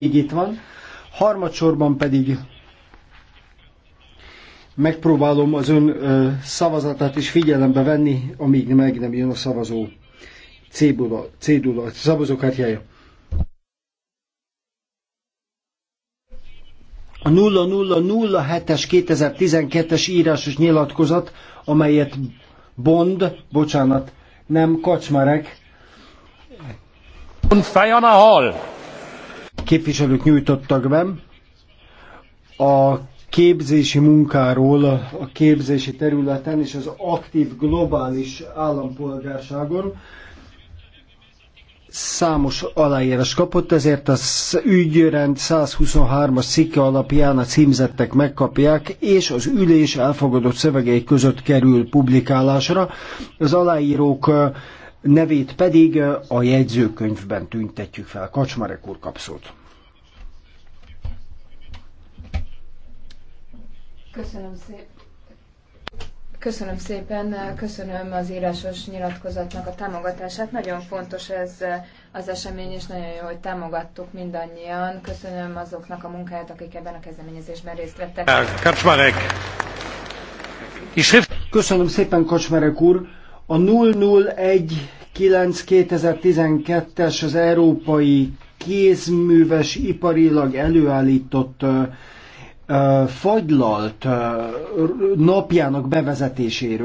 így itt van. Harmadsorban pedig megpróbálom az ön ö, szavazatát is figyelembe venni, amíg meg nem jön a szavazó cédula, cédula a szavazókártyája. A 0007-es 2012-es írásos nyilatkozat, amelyet Bond, bocsánat, nem Kacsmarek. Und a Hall képviselők nyújtottak be. A képzési munkáról, a képzési területen és az aktív globális állampolgárságon számos aláírás kapott, ezért az ügyrend 123-as cikke alapján a címzettek megkapják, és az ülés elfogadott szövegei között kerül publikálásra. Az aláírók nevét pedig a jegyzőkönyvben tüntetjük fel. Kacsmarek úr kapszót. Köszönöm szépen. Köszönöm szépen, köszönöm az írásos nyilatkozatnak a támogatását. Nagyon fontos ez az esemény, és nagyon jó, hogy támogattuk mindannyian. Köszönöm azoknak a munkáját, akik ebben a kezdeményezésben részt vettek. Kacsmarek. Köszönöm szépen, Kacsmarek úr. A 001 2012-es az európai kézműves iparilag előállított fagylalt napjának bevezetéséről